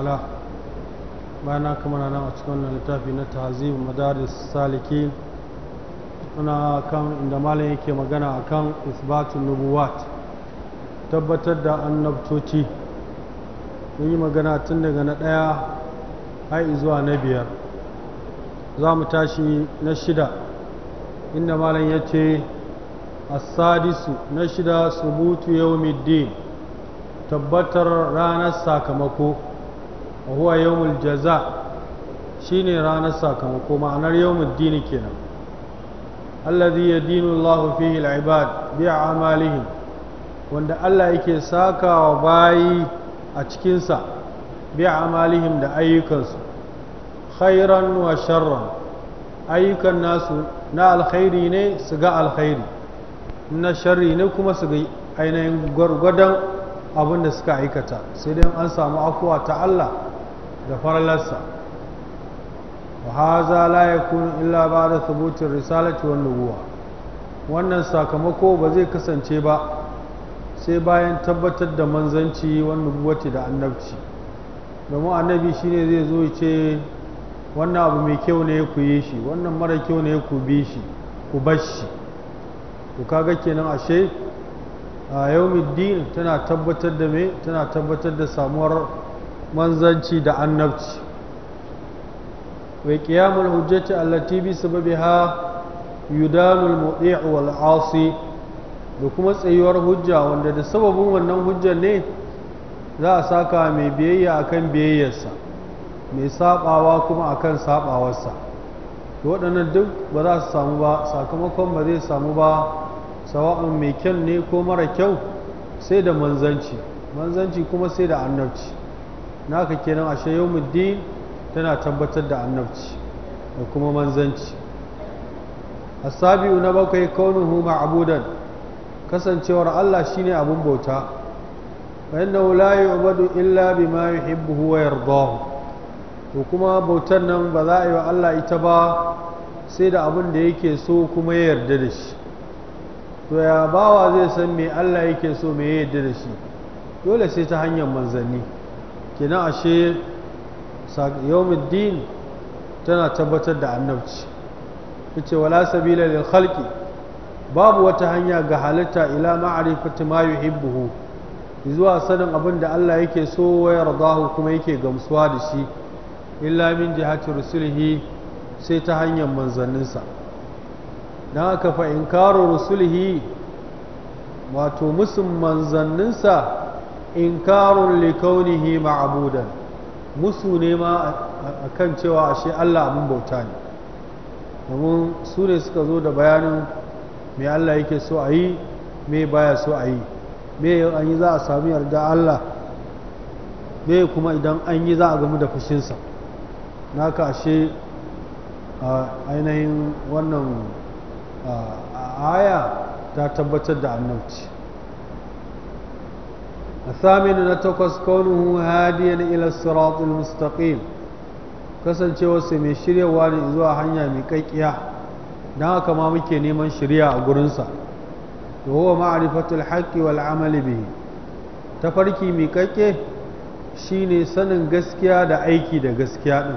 wala bayan an nan a cikin wannan littafi na tahzib madaris salikin muna kan inda malam yake magana akan isbatun nubuwat tabbatar da annabtoci mun yi magana tun daga na ɗaya har zuwa na biyar za mu tashi na shida inda malam ya ce asadisu na shida subutu yawmiddin tabbatar ranar sakamako wa huwa yawmul jaza shine ranar sakamako ma'anar yawmul dini kenan alladhi dinu Allahu fihi al-ibad bi a'malihim wanda Allah yake sakawa bayi a cikinsa bi amalihim da ayyukansu khairan wa sharran ayyukan nasu na alkhairi ne su ga alkhairi na sharri ne kuma su ga ainihin gwargwadon abin da suka aikata sai dai an samu afuwa ta Allah da farlarsa wa haza la illa ba'da thubutir risalati wan nubuwa wannan sakamako ba zai kasance ba sai bayan tabbatar da manzanci wan nubuwati da annabci domin annabi shine zai zo yace ce wannan abu mai kyau ne ku yi shi wannan mara kyau ne ku bi shi ku bar shi to kaga kenan ashe a yaumiddin tana tabbatar da me tana tabbatar da samuwar manzanci da annabci wa kiyamul hujjati allati bi sababiha yudamul mudi'u wal 'asi da kuma tsayuwar hujja wanda da sababin wannan hujjar ne za a saka mai biyayya akan biyayyarsa mai sabawa kuma akan sabawarsa to waɗannan duk ba za su samu ba sakamakon ba zai samu ba sawa'un mai kyau ne ko mara kyau sai da manzanci manzanci kuma sai da annabci naka kenan ashe yawmuddin tana tabbatar da annabci da kuma manzanci asabi'u na bakwai kaunuhu ma'budan kasancewar Allah shine abun bauta fa innahu la yu'badu illa bima yuhibbu wa yardahu to kuma bautar nan ba za a yi wa Allah ita ba sai da abin da yake so kuma ya yarda da shi to ya bawa zai san me Allah yake so me ya yarda da shi dole sai ta hanyar manzanni kenan ashe yawmiddin tana tabbatar da annabci yace wala sabila lil khalqi babu wata hanya ga halitta ila ma'rifati ma yuhibbuhu zuwa sanin abin da Allah yake so wa yardahu kuma yake gamsuwa da shi illa min jihati rusulihi sai ta hanyar manzanninsa don aka fa inkaru rusulihi wato musun manzanninsa inkarun likaunihi ma'abudan musu ne ma a kan cewa ashe Allah abin bauta ne domin su ne suka zo da bayanin me Allah yake so a yi me baya so a yi me an yi za a sami yarda Allah me kuma idan an yi za a gamu da fushinsa naka ashe ainihin wannan aya ta tabbatar da annabci الثامن نتقص كونه هاديا إلى الصراط المستقيم kasancewa su mai shiryawa ne zuwa hanya mai kakkiya don haka ma muke neman shirya a gurinsa da huwa ma'arifatul haqqi wal amali bihi tafarki mai kakke shine sanin gaskiya da aiki da gaskiya din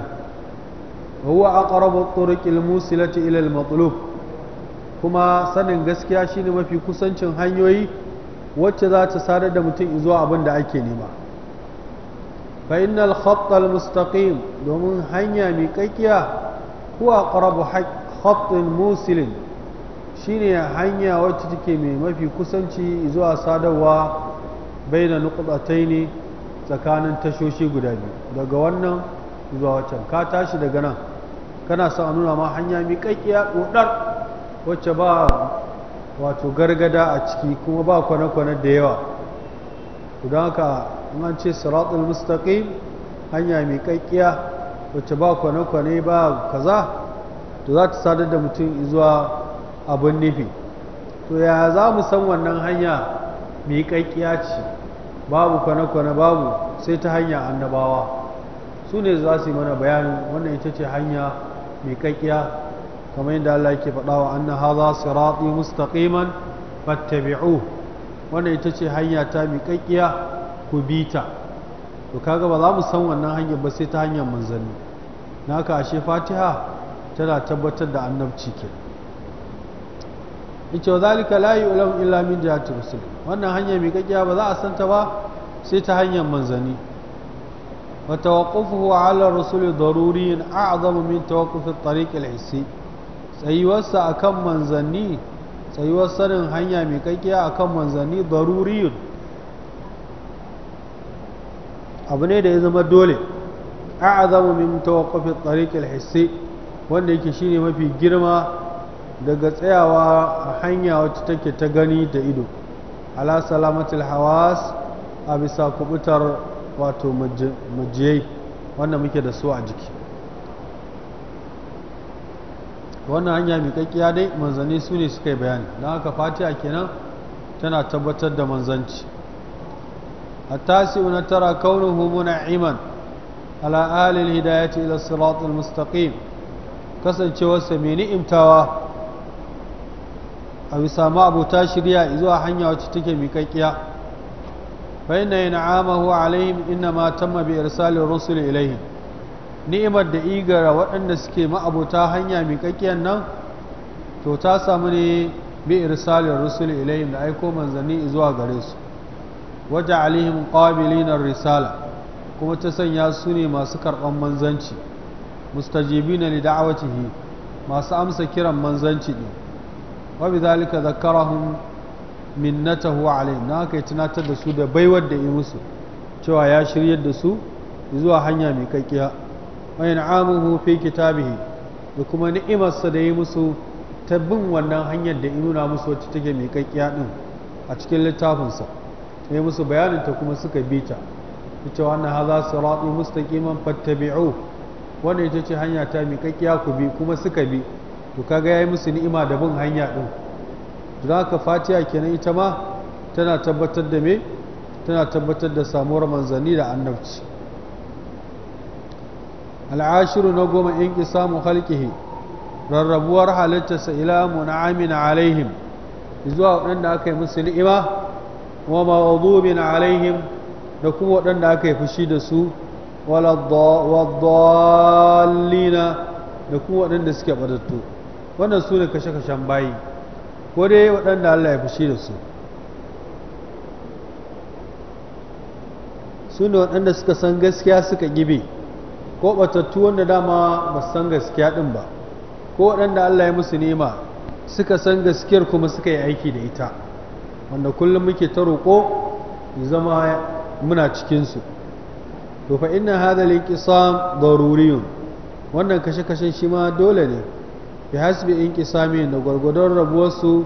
huwa aqrabu turuqil musilati ila al matlub kuma sanin gaskiya shine mafi kusancin hanyoyi wacce za ta sadar da mutum zuwa abin da ake nema fa innal khattal mustaqim domin hanya mai kakkiya huwa aqrabu khattin musilin shine hanya wacce take mai mafi kusanci zuwa sadarwa baina nuqtataini tsakanin tashoshi guda biyu daga wannan zuwa waccan ka tashi daga nan kana sa nuna ma hanya mai kakkiya dodar wacce ba wato gargada a ciki kuma ba kwane-kwane da yawa don haka an ce siratul mustaqim hanya mai kakkiya wacce ba kwane-kwane ba kaza to za ta sadar da mutum zuwa abin nufi to ya za mu san wannan hanya mai kakkiya ce babu kwane-kwane babu sai ta hanya annabawa su ne za su yi mana bayanin wannan ita ce hanya mai kakkiya kamar yadda Allah yake faɗa wa anna hadha sirati mustaqiman fattabi'u wannan ita ce hanya ta miƙaƙiya ku bi ta to kaga ba za mu san wannan hanyar ba sai ta hanyar manzanni naka ashe Fatiha tana tabbatar da annabci ke ita wa zalika la yu'lam illa min jihati rusul wannan hanya miƙaƙiya ba za a san ta ba sai ta hanyar manzanni وتوقفه على الرسول ضروري أعظم من توقف الطريق الحسي tsayuwarsa a kan manzanni tsayuwar sanin hanya mai kakkiya a kan manzanni daruriyun abu ne da ya zama dole a azamu min tawakkufin tsarikin hissi wanda yake shine mafi girma daga tsayawa a hanya wacce take ta gani da ido ala salamatul hawas a bisa kubutar wato majiyai wanda muke da su a jiki wannan hanya miƙaƙƙiya dai manzanni su ne suka yi bayani don haka a kenan tana tabbatar da manzanci a tasi na tara kaunin humuna iman ala alil hidayati ila siratul mustaqim kasancewarsa mai ni'imtawa a bisa ma abota shirya zuwa hanya wacce take miƙaƙiya fa inna yana amahu alaihim inna ma tamma bi irsalin rusul ilaihim ni'imar da igara waɗanda suke ma'abuta hanya miƙaƙƙiyar nan to ta samu ne bi irsalin rusul ilayhim da aiko manzanni zuwa gare su waje alihim qabilinar risala kuma ta sanya su ne masu karɓar manzanci na li da'awatihi masu amsa kiran manzanci ne wa zalika zakkarahum minnatahu alaihim na kai tunatar da su da baiwar da yi musu cewa ya shiryar da su zuwa hanya miƙaƙƙiya wa yan'amuhu fi kitabihi da kuma ni'imarsa da yi musu ta bin wannan hanyar da nuna musu wacce take mai kakkiya din a cikin littafinsa ya musu bayanin ta kuma suka bi ta ita wannan haza siratu mustaqiman fattabi'u wannan ita ce hanya ta mai kakkiya ku bi kuma suka bi to kaga yayi musu ni'ima da bin hanya din za ka fatiha kenan ita ma tana tabbatar da me tana tabbatar da samuwar manzanni da annabci al'ashiru na goma in isamu halkihi rarrabuwar halittarsa ila mun'amin alaihim zuwa waɗanda aka yi musu ni'ima wa ma'udubin alaihim da kuma waɗanda aka yi fushi da su waddallina da kuma waɗanda suke ɓatattu wannan su ne kashe-kashen bayi ko dai waɗanda Allah ya da su su ne waɗanda suka san gaskiya suka gibe ko batattu wanda dama ba san gaskiya din ba ko waɗanda Allah ya musu nema suka san gaskiyar kuma suka yi aiki da ita wanda kullum muke ta roƙo zama muna cikinsu to fa inna hadha al-inqisam daruriyun wannan kashe-kashen shi ma dole ne bi hasbi inqisami da gwargwadon rabuwarsu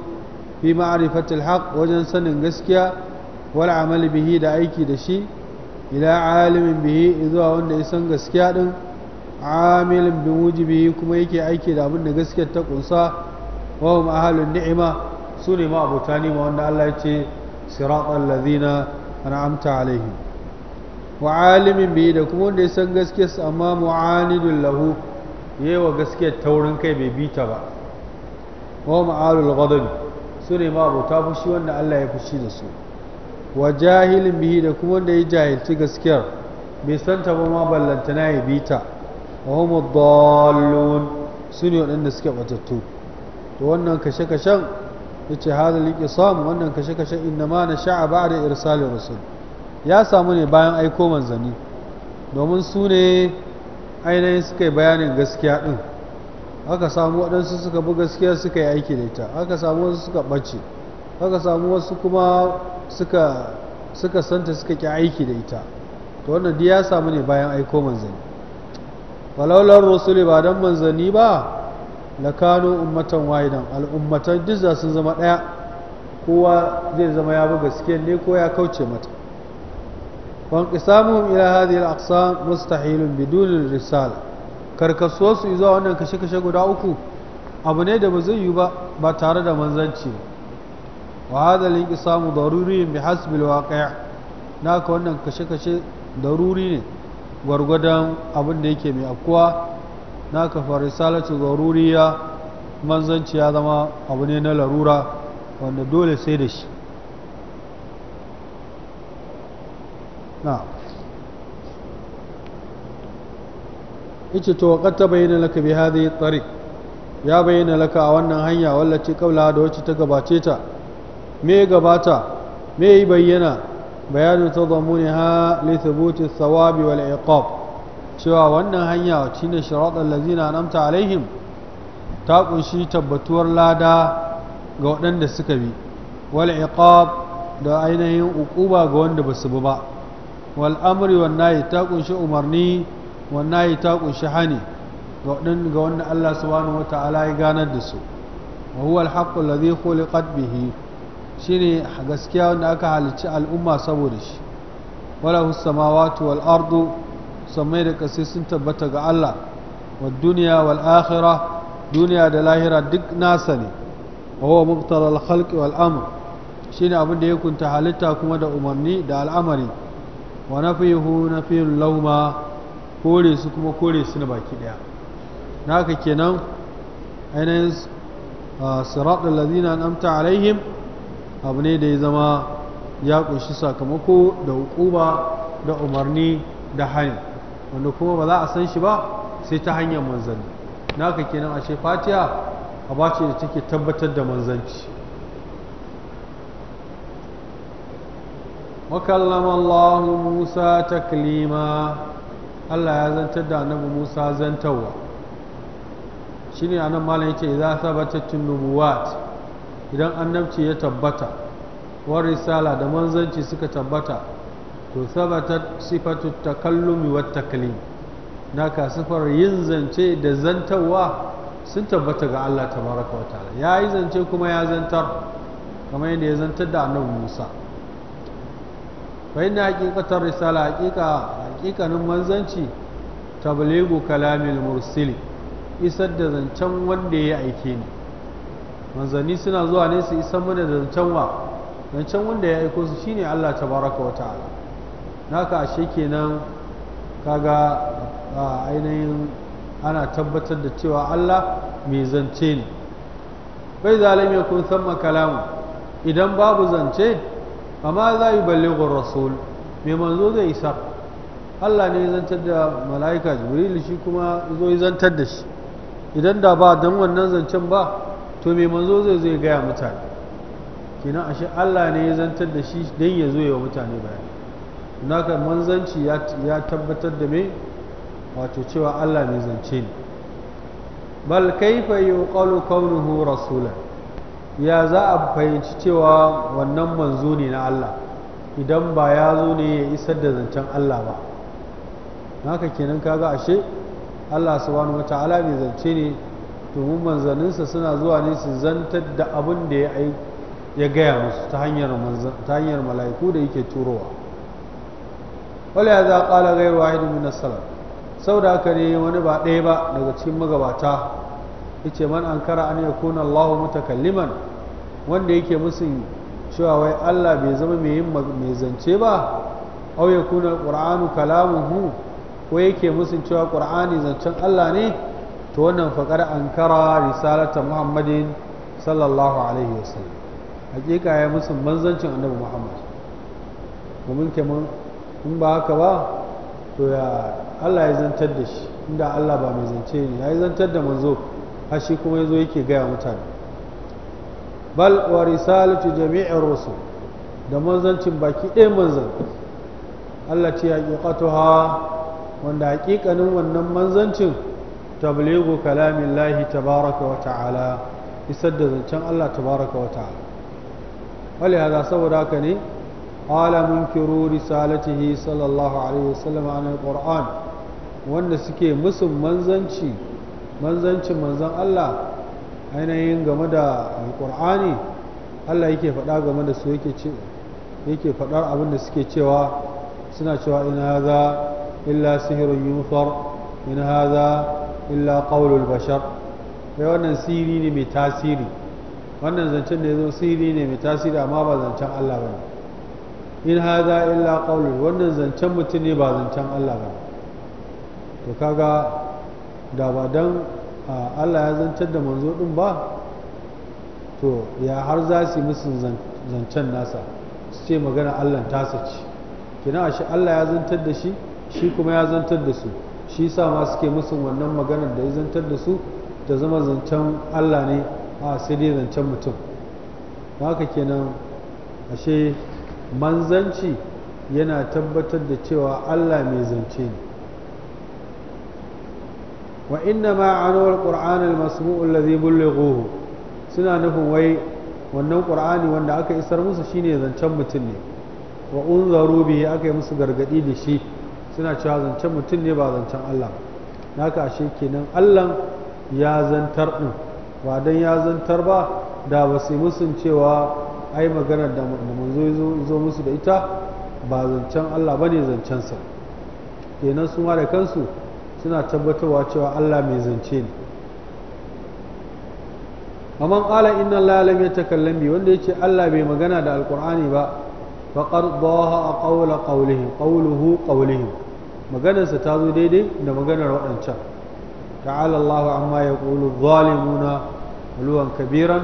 fi ma'rifatil haqq wajen sanin gaskiya wal amali bihi da aiki da shi ila alimin bihi zuwa wanda ya san gaskiya din amilin bi mujibihi kuma yake aiki da abin da gaskiyar ta kunsa wa hum ahlun ni'ima su ne ma abota ni'ima wanda Allah ya ce siratal ladina an'amta alaihim wa alimin bihi da kuma wanda ya san gaskiyar sa amma mu'anidul lahu yewa gaskiyar taurin kai bai bita ba wa hum ahlul ghadab su ne ma abota fushi wanda Allah ya fushi da su wa jahilin bihi da kuma wanda ya jahilci gaskiyar bai san ta ba ma na ya bi ta homo hum su ne waɗanda suke batattu to wannan kashe kashen ce, hada hadal samu wannan kashe kashen ma na sha'a da irsal rasul ya samu ne bayan aiko manzanni domin su ne ainihin suka yi bayanin gaskiya ɗin, aka samu waɗansu suka bi gaskiya suka yi aiki da ita aka samu wasu suka ɓace haka samu wasu kuma suka suka santa suka ki aiki da ita to wannan duk ya samu ne bayan aiko manzanni falaular rusuli ba don manzanni ba la kanu ummatan wahidan al'ummatan duk su zama ɗaya kowa zai zama ya buga gaskiyar ne ko ya kauce mata ila وانقسامهم إلى هذه الأقسام مستحيل risal. الرسالة karkasuwarsu zuwa wannan kashe-kashe guda uku abu ne da ba zai yi ba ba tare da manzanci ba wa hadha al-inqisamu daruri bi hasbi al na ka wannan kashe-kashe daruri ne gwargwadon abin da yake mai akwa naka fa risalatu daruriya manzanci ya zama abu ne na larura wanda dole sai da shi na ita to qad tabayyana laka bi hadhihi tariq ya bayyana laka a wannan hanya wallace kaula da wacce ta gabace ta me gabata me yi bayyana bayanin tazamuni ha li thubuti thawabi wal iqab cewa wannan hanya shine shiratal ladzina namta, alaihim ta kunshi tabbatuwar lada ga waɗanda suka bi wal iqab da ainihin ukuba ga wanda basu bi ba wal amri wan nahi ta kunshi umarni wan nahi ta kunshi hani ga wanda Allah subhanahu wataala ya ganar da su wa huwa al haqqu alladhi khuliqat bihi shine gaskiya wanda aka halicci al'umma saboda shi wala samawati wal ardu samai da kasai sun tabbata ga Allah wa duniya wal duniya da lahira duk nasa ne wa huwa mubtalal khalqi wal amr shine abin da ya kunta halitta kuma da umarni da al'amari wa nafihu nafiyul lauma kore su kuma kore su na baki daya naka kenan ainihin ah, sirat alladhina an'amta alaihim abu ne da ya zama ya kunshi sakamako da hukuma da umarni da hani wanda kuma ba za a san shi ba sai ta hanyar manzanni naka kenan ashe fatiha a ce da take tabbatar da manzanci musa allah ya zantar da تكليما musa يا زنتد النبي موسى زنتوا شنو ce za a ثبتت النبوات idan annabci ya tabbata wa risala da manzanci suka tabbata to sabata sifatu takallumi wa taklim naka sifar yin zance da zantawa sun tabbata ga Allah tabaraka wa ta'ala ya yi zance kuma ya zantar kamar yadda ya zantar da annabi Musa bayan inna hakikatar risala haqiqa haqiqanin manzanci tabligu kalamil mursili isar da zancen wanda ya aike ni manzanni suna zuwa ne su isan mana da zancen wa zancen wanda ya aiko su shine Allah ta baraka wa ta'ala naka ashe kenan kaga ainihin ana tabbatar da cewa Allah mai zance ne bai zalim ya kun san makalamu idan babu zance amma za yi ballighur rasul mai manzo zai isa Allah ne zantar da mala'ika jibril shi kuma zo zantar da shi idan da ba don wannan zancen ba to mai manzo zai zo ya gaya mutane kenan ashe Allah ne ya zantar da shi don ya zo ya wa mutane bayani naka manzanci ya tabbatar da me wato cewa Allah ne zance ne bal kaifa yuqalu kaunuhu rasula ya za a fahimci cewa wannan manzo ne na Allah idan ba ya zo ne ya isar da zancen Allah ba haka kenan kaga ashe Allah subhanahu wataala mai zance ne domin manzanninsa suna zuwa ne su zantar da abin da ya gaya musu ta hanyar mala'iku da yake turowa wale ya za ƙala gairu wahidin min salaf sau da aka ne wani ba ɗaya ba daga cikin magabata ya ce man an kara an ya kuna allahu mutakalliman wanda yake musun cewa wai allah bai zama mai yin mai zance ba au ya kuna kalamun kalamuhu ko yake musun cewa ƙur'ani zancen allah ne to wannan faƙar kara risalatan muhammadin sallallahu alaihi wasallam hakika ya musu manzancin annabi muhammad domin kenan in ba haka ba to ya allah ya zantar da shi inda allah ba mai zance ne ya yi zantar da manzo har shi kuma ya zo yake gaya mutane bal wa risalatu jami'in rusul da manzancin baki ɗaya manzan allah ce ya ha wanda hakikanin wannan manzancin tabligu kalamin lahi tabaraka wa ta'ala isar da zancen Allah tabaraka wa ta'ala wali hada saboda haka ne ala munkiru risalatihi sallallahu alaihi wasallam an alquran wanda suke musu manzanci manzancin manzan Allah ainihin game da alqur'ani Allah yake faɗa game da su yake ce yake faɗar abin da suke cewa suna cewa ina hadha illa sihirun yunfar ina hadha illa qaulul bashar sai wannan siri ne mai tasiri wannan zancen da ya zo siri ne mai tasiri amma ba zancen Allah bane in haza illa qaulul wannan zancen mutum ne ba zancen Allah bane to kaga da ba dan Allah ya zancen da manzo din ba to ya har za su musu zancen nasa su ce magana Allah tasa ce kina shi Allah ya zantar da shi shi kuma ya zantar da su shi sa ma suke musu wannan maganar da ya zantar da su ta zama zancen Allah ne a sai zancen mutum haka kenan ashe manzanci yana tabbatar da cewa Allah mai zance ne wa inna ma anuwar qur'an al-masmu' bullighuhu suna nufin wai wannan Kur'ani wanda aka isar musu shine zancen mutum ne wa unzaru bihi aka yi musu gargadi da shi suna cewa zancen mutum ne ba zancen Allah ba kashe kenan Allah ya zantar din ba dan ya zantar ba da ba su musun cewa ai maganar da manzo zo musu da ita ba zancen Allah ba ne zancensa kenan su ma da kansu suna tabbatarwa cewa Allah mai zance ne amma qala inna الله lam yatakallam بي وانده يتي الله بي مغانا دا القرآن با فقد ضاها قول قولهم qawlihi. maganarsa ta zo daidai da maganar waɗancan ta'ala Allah amma ya ƙulu zalimuna luwan kabiran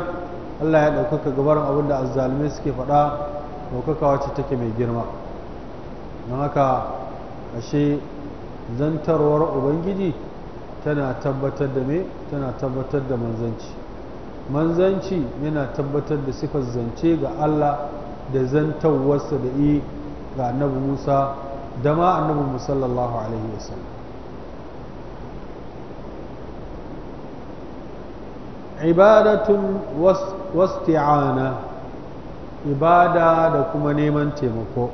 Allah ya ɗaukaka gabarin abin da azzalimai suke faɗa ɗaukaka wacce take mai girma don haka ashe zantarwar ubangiji tana tabbatar da me tana tabbatar da manzanci manzanci yana tabbatar da sifar zance ga Allah da zantawarsa da yi ga annabi Musa da ma annabin mu sallallahu alaihi wasallam ibadatun wasti'ana ibada da kuma neman taimako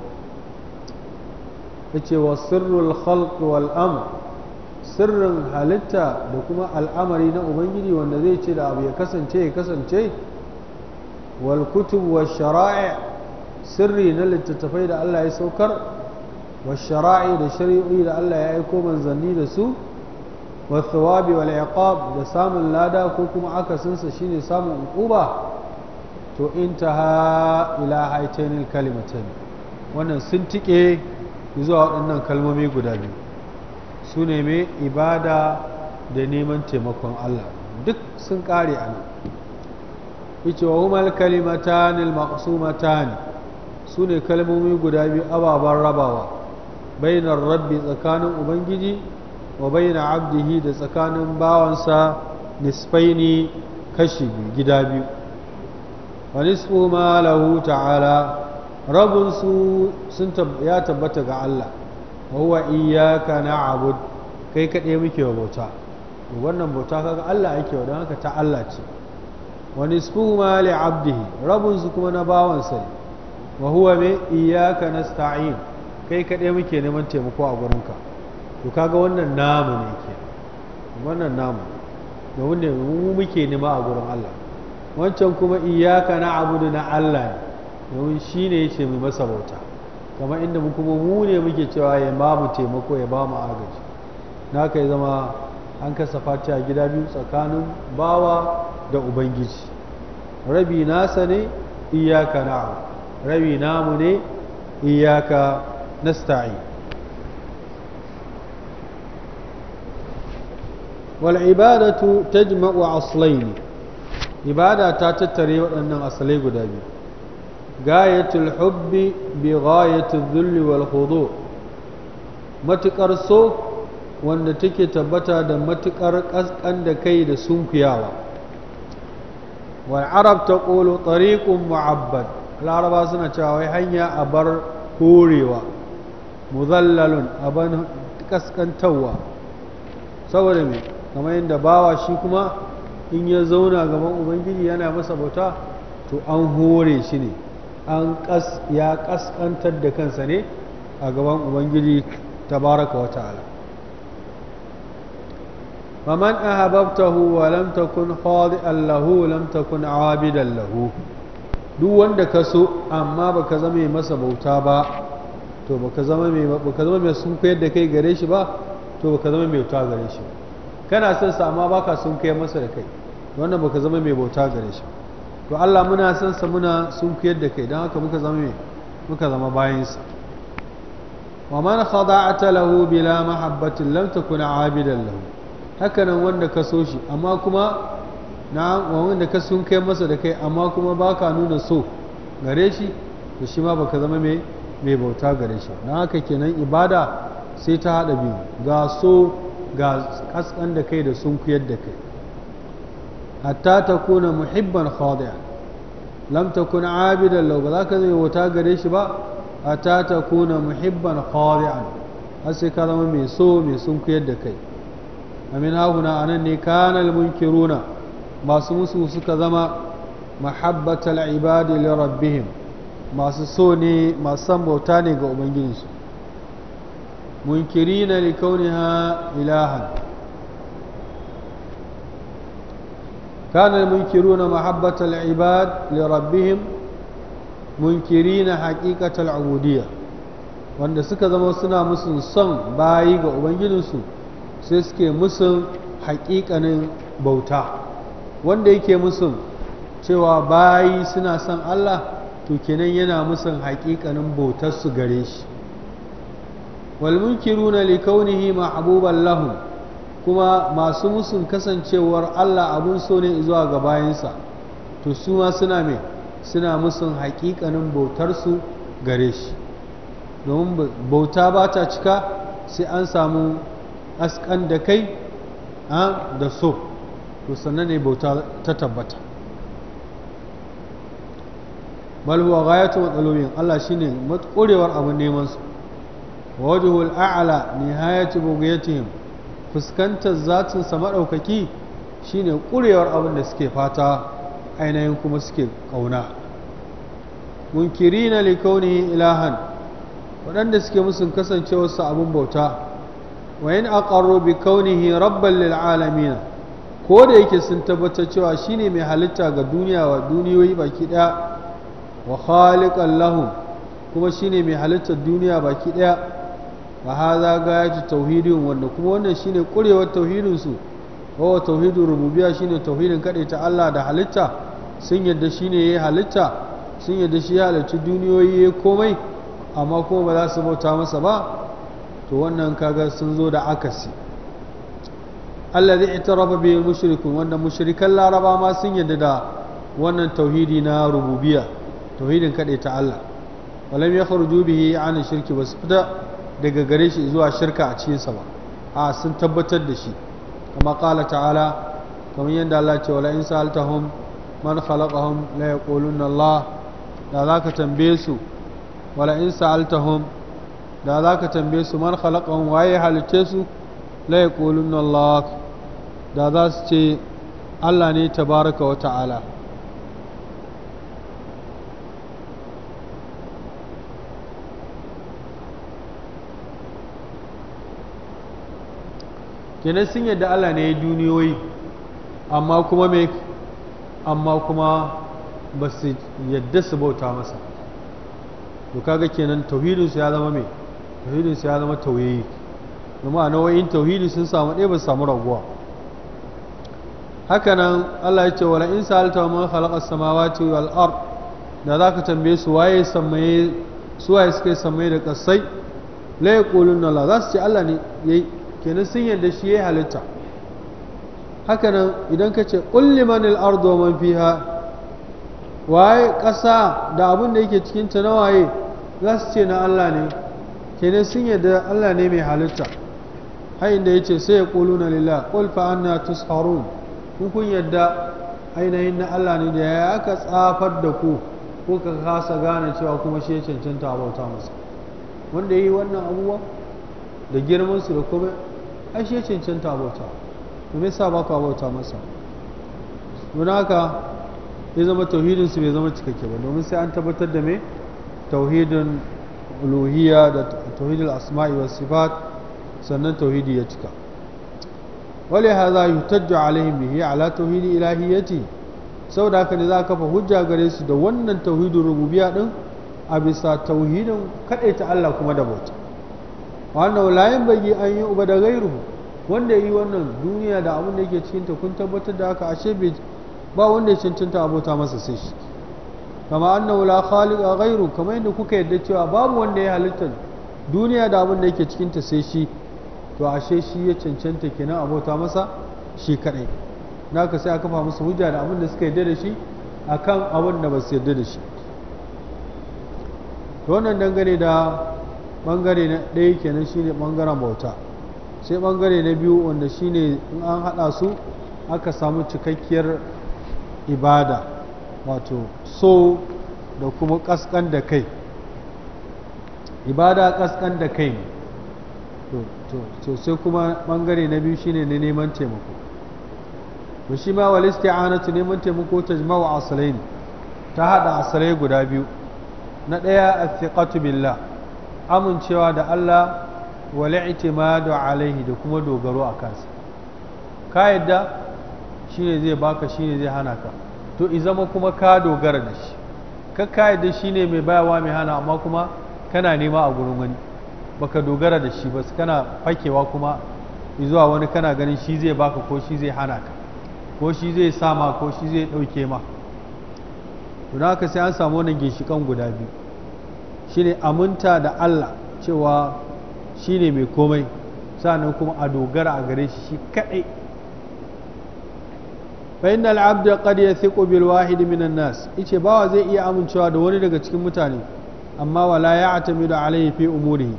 ce wa sirrul khalq wal amr sirrin halitta da kuma al'amari na ubangiji wanda zai ce da abu ya kasance ya kasance wal kutub wa shara'i sirri na littattafai da Allah ya saukar wa da shari'o'i da Allah ya aiko manzanni da su wa thawabi wal da samun lada ko kuma akasinsa shine samun uquba to intaha ila haitainil kalimatan wannan sun tike zuwa waɗannan kalmomi guda biyu su ne mai ibada da neman taimakon Allah duk sun ƙare a nan ice wa humal kalimatan al maqsumatan su ne kalmomi guda biyu ababen rabawa bainar rabbi tsakanin ubangiji wa baina abdihi da tsakanin bawansa nisfaini kashi gida biyu wa nisfu ma lahu ta'ala rabun su sun ya tabbata ga Allah wa huwa iyyaka na'bud kai kaɗai muke wa bauta wannan bauta kaga Allah yake wa don haka ta Allah ce wa nisfu ma li abdihi rabun su kuma na bawansa wa huwa me iyyaka nasta'in kai kaɗai muke neman taimako a gurinka to kaga wannan namu ne ke wannan namu da wanda mu muke nema a gurin Allah wancan kuma iyaka na abudu na Allah ne domin shi ne ya mu masa bauta kamar inda mu kuma mu ne muke cewa ya ba mu taimako ya ba mu agaji na kai zama an kasa fatiya gida biyu tsakanin bawa da ubangiji rabi nasa ne iyaka na'am rabi namu ne iyaka نستعين والعبادة تجمع أصلين عبادة تتتري وأن أصلي قدامي غاية الحب بغاية الذل والخضوع matuƙar so wanda take tabbata da matuƙar ƙasƙan da kai da sunkuyawa wal arab ta ƙolo tariƙun mu'abbad laraba suna cewa wai hanya a bar horewa muzallalun abin kaskantarwa saboda mai kamar yadda bawa shi kuma in ya zauna gaban ubangiji yana masa bauta to an hore shi ne an ya kaskantar da kansa ne a gaban ubangiji tabaraka wa ta'ala فمن أحببته ولم تكن خاضعا له لم تكن عابدا lahu duk wanda ka so amma baka zama masa bauta ba to baka zama mai baka zama mai sun da kai gare shi ba to baka zama mai bauta gare shi kana son sa amma baka sun kai masa da kai wannan baka zama mai bauta gare shi to Allah muna son sa muna sun koyar da kai dan haka muka zama mai muka zama bayan sa wa man khada'ata lahu bila mahabbatin lam takun 'abidan lahu hakanan wanda ka so shi amma kuma na wanda ka sun kai masa da kai amma kuma baka nuna so gare shi to shi ma baka zama mai mai bauta gare shi na haka kenan ibada sai ta haɗa biyu ga so ga kaskan da kai da sun kuyar da kai hatta ta kuna muhibban khadi'a lam takun abidan law ba za ka zai bauta gare shi ba hatta ta kuna muhibban khadi'an har sai ka zama mai so mai sun kuyar da kai amin hahuna anan ne kanal munkiruna masu musu suka zama mahabbatal ibadi li rabbihim masu so ne masu san bauta ne ga ubangijinsu na likauni ha ilahan كان المنكرون محبة العباد munkiri na hakikatar abudiyya wanda suka zama suna musun son bayi ga ubangijinsu sai suke musun haƙiƙanin bauta wanda yake musun cewa bayi suna son allah to kenan yana musan haƙiƙanin bautar su gare shi wal munkiruna li kaunihi mahbuban lahum kuma masu musun kasancewar Allah abun so ne zuwa ga bayansa to su ma suna mai suna musun haƙiƙanin bautar su gare shi domin bauta ba ta cika sai an samu askan da kai ah, da so to sannan ne bauta ta tabbata bal huwa ghayatu matsalolin Allah shine matkurewar abin neman su wa wajhul a'la nihayatu bughyatihim fuskantar zatin sa madaukaki shine kurewar abin da suke fata ainihin kuma suke kauna munkirina likaunihi ilahan waɗanda suke musun kasancewarsa abin bauta wa in aqarru bi kaunihi rabban lil alamin ko da yake sun tabbatar cewa shine mai halitta ga duniya wa duniyoyi baki daya wa khaliqan lahum kuma shine mai halittar duniya baki daya wa hadha gayatu tauhidin wanda kuma wannan shine kurewar tauhidin su wa tauhidin rububiyya shine tauhidin ta Allah da halitta sun yadda shine yayi halitta sun yadda shi ya halicci duniyoyi ya komai amma kuma ba za su bauta masa ba to wannan kaga sun zo da akasi Allah zai itarafa bai mushrikun wanda mushrikan laraba ma sun yadda da wannan tauhidi na rububiyya tauhidin kaɗai ta Allah walam ya kharuju bihi an shirki ba su fita daga gare shi zuwa shirka a cikin sa ba a sun tabbatar da shi kama qala ta'ala kamar yadda Allah ce wala in sa'altahum man khalaqahum la yaquluna Allah da zaka tambaye su wala in sa'altahum da zaka tambaye su man khalaqahum waye halice su la yaquluna Allah da za su ce Allah ne tabaraka wa ta'ala kenan sun yadda Allah ne ya duniyoyi amma kuma me amma kuma ba su yadda su bauta masa to kaga kenan su ya zama me su ya zama tauhidi domin a in tauhidi sun samu ɗaya ba su samu raguwa hakanan Allah ya ce wala in sa'alta man khalaqa samawati wal ard da zaka tambaye su waye samaye su waye suke samaye da kasai la yaquluna la za su ce Allah ne yayi kenan sun yarda shi ya halitta hakanan idan ka ce ƙulli manil ardo man fiha waye ƙasa da abin da yake cikin ta na waye za su ce na Allah ne kenan sun yarda Allah ne mai halitta har ya ce sai ya quluna lillah qul fa an na in kun yarda ainihin na Allah ne da ya aka tsafar da ku ko ka kasa gane cewa kuma shi ya cancanta a bauta masa wanda ya yi wannan abubuwa da girmansu da kuma ai shi ya cancanta bauta to me yasa ba ka bauta masa don haka ya zama tauhidin su bai zama cikakke ba domin sai an tabbatar da me tauhidin uluhiyya da tauhidul asma'i was sifat sannan tauhidi ya cika wale haza yutajju alaihim bihi ala tauhidi ilahiyyati saboda haka ne za ka fa hujja gare su da wannan tauhidin rububiyya din a bisa tauhidin kadaita Allah kuma da bauta wannan layin bagi an yi uba da gairu wanda yi wannan duniya da abin da yake cikin ta kun tabbatar da haka ashe bai ba wanda ya cancanta abota masa sai shi kama annahu la khaliq ghairu kamar yadda kuka yadda cewa babu wanda ya halitta duniya da abin da yake cikin ta sai shi to ashe shi ya cancanta kenan abota masa shi kadai naka sai aka fa musu hujja da abin da suka yadda da shi akan abin da ba su yadda da shi to wannan dangane da bangare na ɗaya kenan shine bangaren bauta sai bangare na biyu wanda shine in an haɗa su aka samu cikakkiyar ibada wato so da kuma ƙasƙan da kai ibada ƙasƙan da kai ne to sai kuma bangare na biyu shine na neman taimako ba shi ma wal ta neman taimako tajma'u ne ta haɗa asalai guda biyu na daya athiqatu billah amincewa da Allah wale itimadu alaihi da kuma dogaro a kansa ka yadda shi ne zai baka shi ne zai hana ka to izama kuma ka dogara da shi ka ka yadda shi ne mai bayawa mai hana amma kuma kana nema a gurin wani baka dogara da shi ba kana fakewa kuma zuwa wani kana ganin shi zai baka ko shi zai hana ka ko shi zai sama ko shi zai ɗauke ma to haka sai an samu wannan ginshiƙan guda biyu shine aminta da Allah cewa shine mai komai sannan kuma a dogara a gare shi shi kadai فإن ya siko bil wahidi minan nas ice bawa zai iya amincewa da wani daga cikin mutane amma wala da alayhi fi umurihi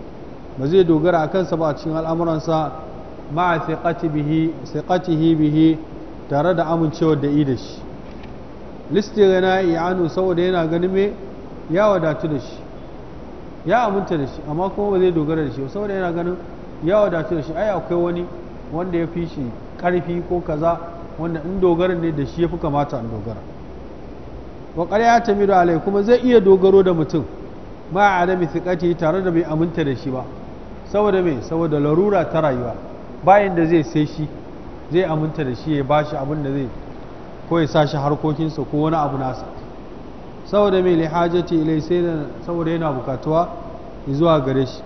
ba zai dogara a kansa ba a cikin al'amuransa ma'a bihi tare da amincewa da i da shi iya hannu saboda yana ganin me ya wadatu da shi ya aminta da shi amma kuma ba zai dogara da shi saboda yana ganin ya wadatu da shi ai akwai wani wanda ya fi shi karfi ko kaza wanda in dogara ne da shi ya fi kamata in dogara wa ƙarya ta miro alai kuma zai iya dogaro da mutum ma a adami thiqati tare da bai aminta da shi ba saboda me saboda larura ta rayuwa bayan da zai sai shi zai aminta da shi ya bashi abin da zai ko ya shi harkokinsa ko wani abu nasa saboda mai lihajati ilai sai da saboda yana bukatuwa zuwa gare shi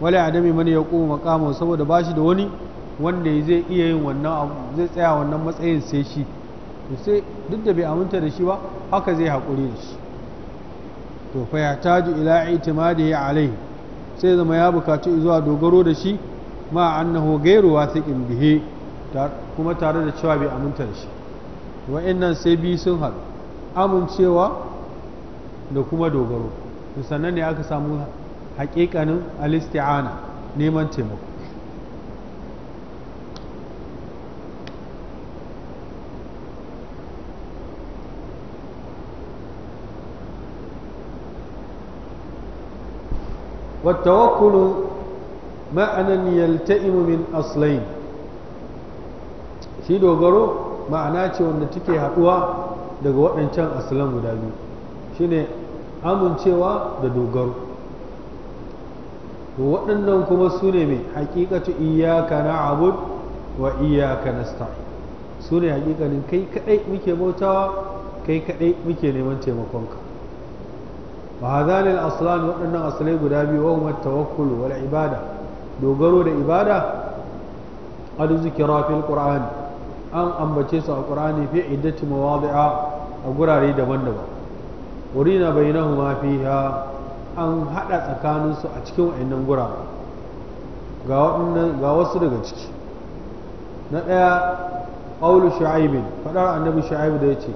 wale adami mani ya kuma makamu saboda bashi da wani wanda zai iya yin wannan zai tsaya wannan matsayin sai shi to sai duk da bai aminta da shi ba haka zai haƙuri da shi to fa ya taju ila ya alai sai zama ya bukatu zuwa dogaro da shi ma annahu ghairu wathiqin bihi kuma tare da cewa bai aminta da shi wa'annan sai bi sun haɗu amincewa da kuma dogaro to aka samu haƙiƙanin alisti'ana neman taimako والتوكل معنى ta من أصلين shi dogaro ma'ana ce wanda take haɗuwa daga waɗancan asalan guda biyu shine amincewa da dogaro waɗannan kuma su ne mai hakikatu iyaka na abud wa iyaka na su ne hakikanin kai kaɗai muke bautawa kai kaɗai muke neman taimakonka wa ne aslan waɗannan asalai guda biyu wa huma tawakkul wal ibada dogaro da ibada qad zikra fil qur'an an ambace su a qur'ani fi iddati mawadi'a a gurare daban-daban urina mafi fiha an haɗa tsakaninsu a cikin wa'inan gura ga wasu daga ciki na ɗaya qawlu shu'aib faɗar annabi shu'aib da yace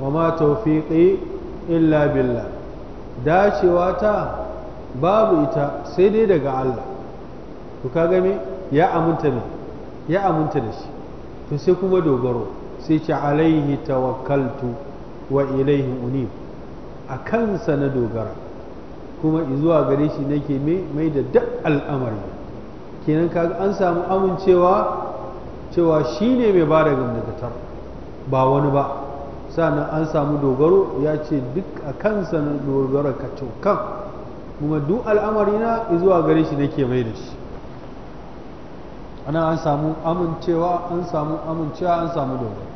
wa ma tawfiqi illa billah dacewa ta babu ita sai dai daga Allah Ku ka gami? ya aminta ne ya aminta da shi to sai kuma dogaro sai ce alaihi tawakkaltu wa ilaihi unib a kansa na dogara kuma zuwa gare shi nake mai da duk al'amari kenan kaga an samu amincewa cewa shi ne mai ba da gangantar ba wani ba sannan an samu dogaro ya ce duk a kansa na dogara ka cokan kuma duk al'amari na zuwa gare shi nake mai da shi ana an samu amincewa an samu amincewa an samu dogaro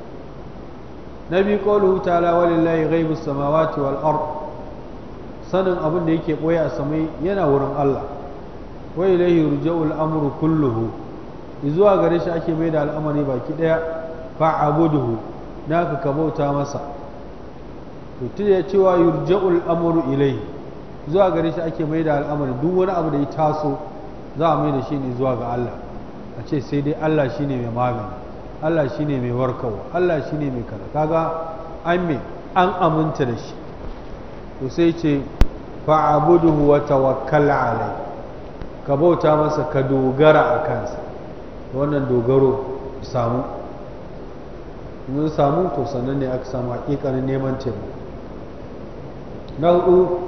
na biyu qawluhu ta'ala walillahi ghaibus samawati wal ard sanin abin da yake boye a samai yana wurin Allah wa ilayhi yurja'ul amru kulluhu zuwa gare shi ake mai da al'amari baki daya abuduhu naka ka bauta masa to tun ya cewa yurja'ul amru ilayhi zuwa gare shi ake mai da al'amari duk wani abu da ya taso za a mai da shi ne zuwa ga Allah a ce sai dai Allah shine mai magani Allah shi ne mai warkarwa Allah shi ne mai kada, kaga an mai an aminta da shi to sai ce fa'abuduhu wa tawakkal alai ka bauta masa ka dogara a kansa wannan dogaro samu mun samu to sannan ne aka samu hakikanin neman taimako na hudu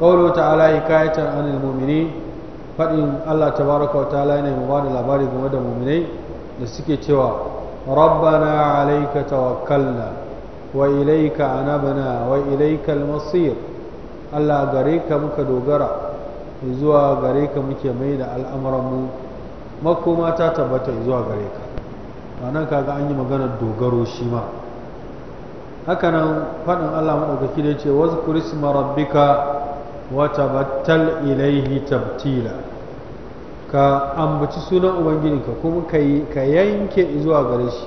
kawo ta'ala kayatar anil mumini faɗin allah tabaraka wa ta'ala ne mu bada labari game da muminai da suke cewa ربنا عليك توكلنا وإليك أنبنا وإليك المصير الله غريك مكدوغرا zuwa gare muke mai da al'amuranmu makoma ta tabbata zuwa gare ka nan kaga an yi maganar dogaro shi ma hakanan faɗin allah maɗaukaki da ce wasu kurisma rabbika wata battal ilaihi tabtila ka ambaci sunan ubangiji ka kuma ka yanke zuwa gare shi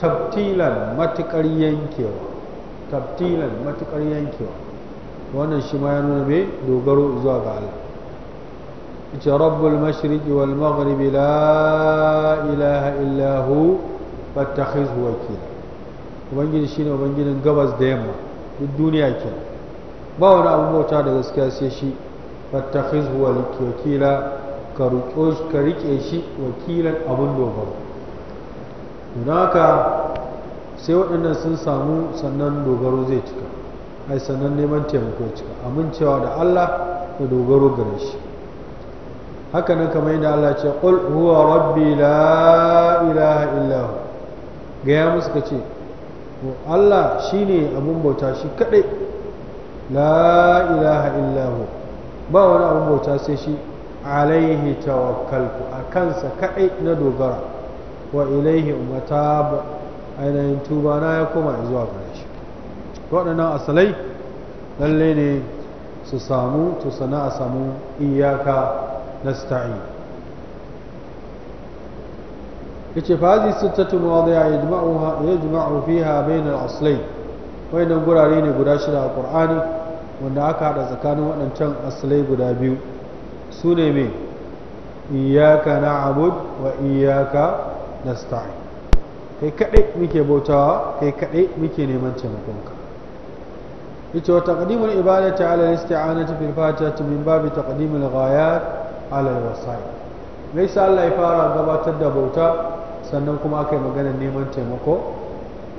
tabtilan matukar yankewa tabtilan matukar yankewa wannan shi ma ya nuna mai dogaro zuwa ga Allah ita rabbul mashriqi wal maghribi la ilaha illa hu fattakhizhu wakila ubangiji shine ubangijin gabas da yamma duk duniya ke ba wani abubuwa ta da gaskiya sai shi fattakhizhu wakila ka rike riƙe shi wakilan abun dogaro don haka sai waɗannan sun samu sannan dogaro zai cika ai sannan neman taimako cika amincewa da Allah da dogaro gare shi haka nan kamar yadda Allah ce qul huwa rabbi la ilaha illa hu gaya musu ka ce Allah shine abun bauta shi kadai la ilaha illa hu ba wani abun bauta sai shi alaihi tawakkaltu a kansa kaɗai na dogara wa ilaihi matabu ainihin tuba na ya koma zuwa gare shi waɗannan asalai lalle ne su samu to sana a samu iyaka nasta'in yace fa hadhihi sittatu mawadi'a yajma'uha yajma'u fiha bain al-aslayn wayannan gurare ne guda shida a Qur'ani wanda aka hada tsakanin waɗancan asalai guda biyu su ne mai iyaka na abud wa iyaka na sta'in kai kaɗai muke bautawa kai kaɗai muke neman taimakonka ita wa ibada ta ala firfa ta fatihati min babi taqdimul ghayat ala wasa'i mai sa Allah ya fara gabatar da bauta sannan kuma aka yi maganar neman taimako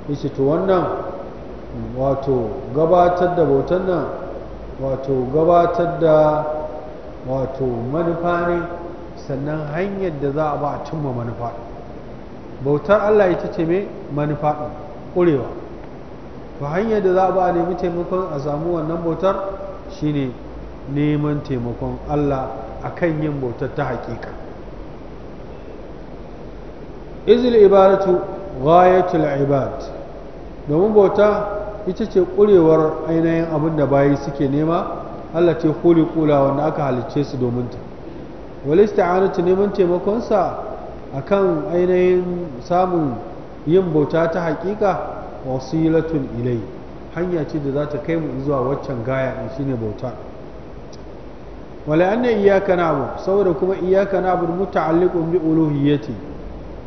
ita to wannan wato gabatar da bautan nan wato gabatar da wato manufa ne sannan hanyar da za a ba a cimma manufa bautar Allah ita ce mai manufa ƙurewa Ba hanyar da za a ba a nemi taimakon a samu wannan bautar shine neman taimakon Allah a kan yin bautar ta hakika izil ibadatu ghayatul ibad domin bauta ita ce ƙurewar ainihin abin da bayi suke nema Allah ce kuli kula wanda aka halicce su domin ta wali ista'anatu neman taimakonsa akan ainihin samun yin bauta ta hakika wasilatun ilai hanya ce da za ta kai mu zuwa waccan gaya in shine bauta wala anna na na'budu saboda kuma iyyaka na'budu muta'alliqun bi uluhiyyati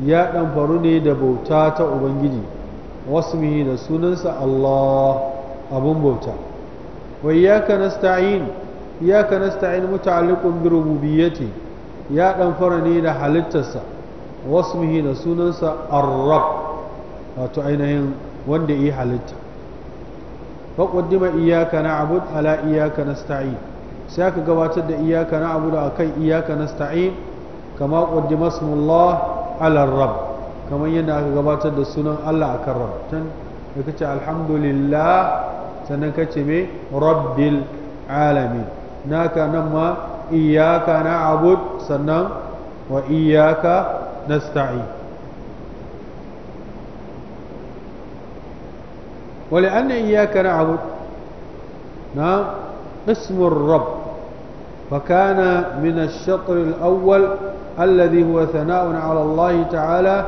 ya dan faru ne da bauta ta ubangiji wasmihi da sunansa Allah abun bauta وإياك نستعين إياك نستعين متعلق بربوبيته يا دان فرني da halittarsa wasmihi da sunansa ar wato ainihin wanda yi halitta fa qaddima iyyaka na'bud ala iyyaka nasta'in aka gabatar da iyyaka na'bud akan iyyaka nasta'in kama qaddima ismullah ala ar kamar yadda aka gabatar da sunan Allah akan rab tan sannan ka ce mai rabbil alamin naka nan ma iyaka na abud sannan wa iyaka nasta'in ولأن إياك نعبد نعم اسم الرب فكان من الشطر الأول الذي هو ثناء على الله تعالى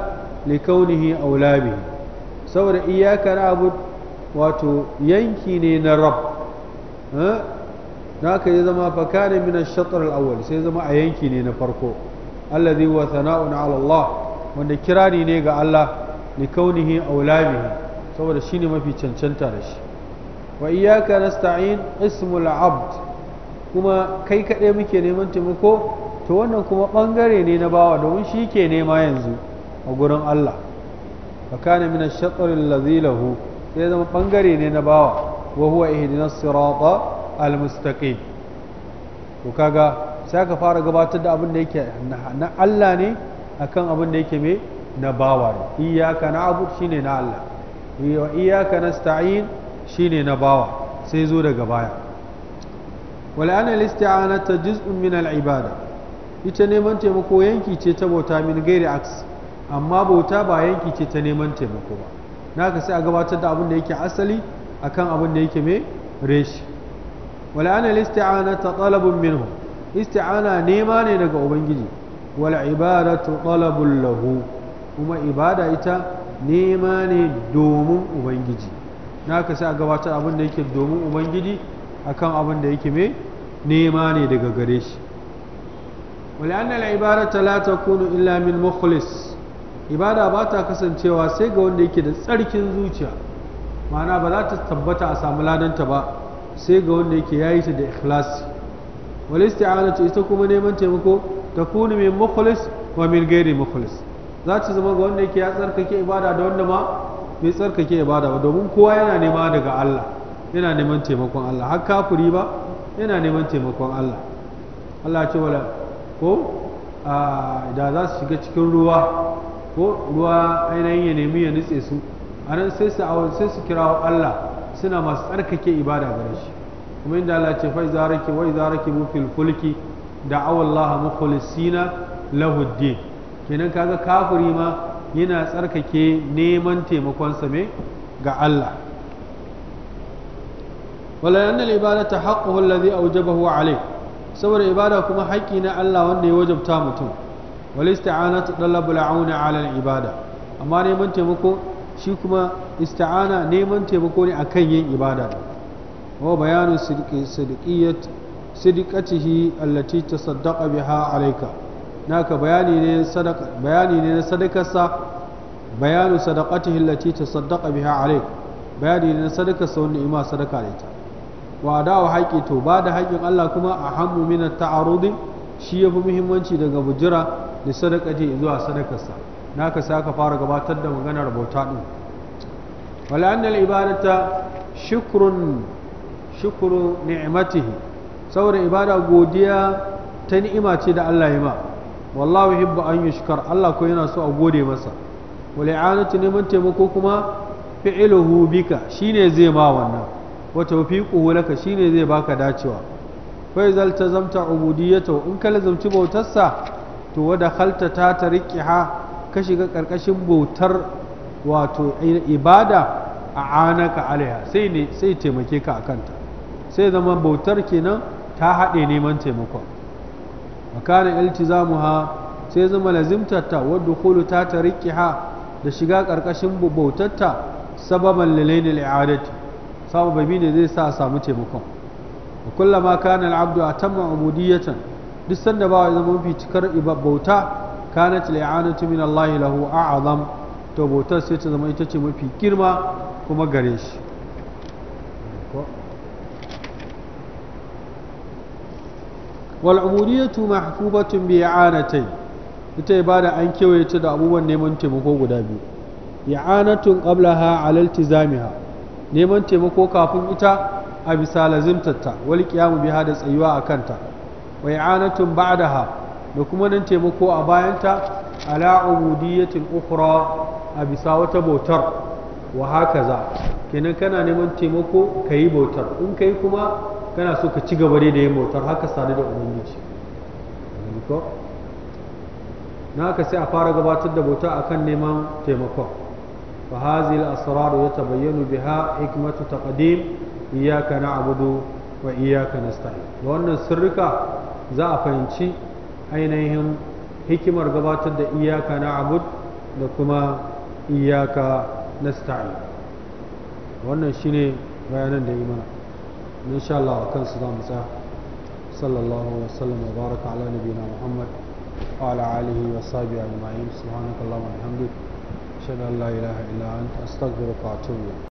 لكونه أولى به سور إياك نعبد wato yanki ne na rab Na aka yi zama fakane min shatar al'awwal sai zama a yanki ne na farko allazi wa sana'un ala Allah wanda kirani ne ga Allah li kaunihi aulamihi saboda shine mafi cancanta da shi wa iyyaka nasta'in ismul abd kuma kai kaɗai muke neman taimako to wannan kuma ɓangare ne na bawa domin shi ke nema yanzu a gurin Allah fakane min shatar allazi lahu sai zama bangare ne na bawa wa huwa ihdinas sirata almustaqim to kaga sai ka fara gabatar da abin da yake na Allah ne akan abin da yake me na bawa ne iyyaka na'budu shine na Allah wa iyyaka nasta'in shine na bawa sai zo daga baya wal ana istianatu juz'un min al-ibada ita neman taimako yanki ce ta bauta min gairi aks amma bauta ba yanki ce ta neman taimako ba naka sai a gabatar da abin da yake asali akan abin da yake mai reshi wala ana isti'ana ta talabun minhu isti'ana nema ne daga ubangiji wal ibadatu talabun lahu kuma ibada ita nema ne domin ubangiji naka sai a gabatar abin da yake domin ubangiji akan abin da yake mai nema ne daga gare shi wala ana al ibadatu la takunu illa min mukhlis ibada ba ta kasancewa sai ga wanda yake da tsarkin zuciya ma'ana ba za ta tabbata a samu ladanta ba sai ga wanda yake yayi ta da ikhlasi wal isti'anatu ita kuma neman taimako ta kunu min mukhlis wa min ghairi mukhlis za ta zama ga wanda yake ya tsarkake ibada da wanda ma bai tsarkake ibada ba domin kowa yana nema daga Allah yana neman taimakon Allah har kafiri ba yana neman taimakon Allah Allah ya ce wala ko ah, da za su shiga cikin ruwa ko ruwa ainihin ya nemi ya nutse su a nan sai su sai su kirawo Allah suna masu tsarkake ibada gare shi kuma inda Allah ce fai zaraki wai zaraki mu fil da awallaha mukhlisina lahu ddin kenan kaga kafuri ma yana tsarkake neman taimakon sa me ga Allah wala ta al ibadata a alladhi awjabahu alayh saboda ibada kuma haƙƙi na Allah wanda ya wajabta mutum wal isti'anatu talabul auna ala al ibada amma neman taimako shi kuma isti'ana neman taimako ne akan yin ibada wa bayanu sidqiyat sidqatihi allati tasaddaqa biha alayka naka bayani ne sadaka bayani ne na sadakarsa bayanu sadaqatihi allati tasaddaqa biha alayk bayani ne na sa wanda ima sadaka ne ta wa adawa haƙi to ba da haƙin Allah kuma a min at ta'arudi shi yafi muhimmanci daga bujira da je zuwa sadakarsa naka saka ka fara gabatar da maganar bauta din wala annal ibadata shukrun shukru ni'matihi saboda ibada godiya ta ni'ima ce da Allah ya ma wallahu yuhibbu an yushkar Allah ko yana so a gode masa wal ta neman taimako kuma fi'luhu bika shine zai ma wannan wa tawfiquhu laka shine zai baka dacewa fa izal tazamta ubudiyyatahu in ka lazamci bautarsa to wada halta ta ta ha ka shiga ƙarƙashin bautar wato ibada a anaka alaiha sai ne sai taimake ka a kanta sai zama bautar kenan ta haɗe neman taimakon makana ha sai zama lazimtarta wadda kulu ta ta ha da shiga ƙarƙashin bautarta sababan lilaini li'adati sababi ne zai sa a samu taimakon wa kullama kana al'abdu atamma ubudiyatan duk sanda bawa ya zama mafi cikar bauta kanat li'anatu min Allah lahu a'zam to bautar sai ta zama ita ce mafi girma kuma gare shi wal umuriyatu mahfubatun bi i'anatay ita ibada an kewaye ta da abubuwan neman taimako guda biyu i'anatun qablaha ala iltizamiha neman taimako kafin ita a bisa lazimtarta wal qiyamu biha da tsayuwa akanta wa i'anatun ba'daha da kuma nan taimako a bayanta ala ubudiyatin ukhra a bisa wata bautar wa hakaza kenan kana neman taimako ka yi bautar in kayi kuma kana so ka ci gaba da yin bautar haka Sani da ubangiji na haka sai a fara gabatar da bauta akan neman taimakon fa hazil asrar ya biha hikmatu taqdim iyyaka na'budu وإياك نستعين لأن سرقة زعفين شيء أينهم حكم أرغبات دا إياك نعبد دا كما إياك نستعين لأن شيني بيانا دا إيمان إن شاء الله وكان صدام سا صلى الله وسلم وبارك على نبينا محمد وعلى آله وصحبه أجمعين سبحانك اللهم وبحمدك أشهد أن لا إله إلا أنت أستغفرك وأتوب إليك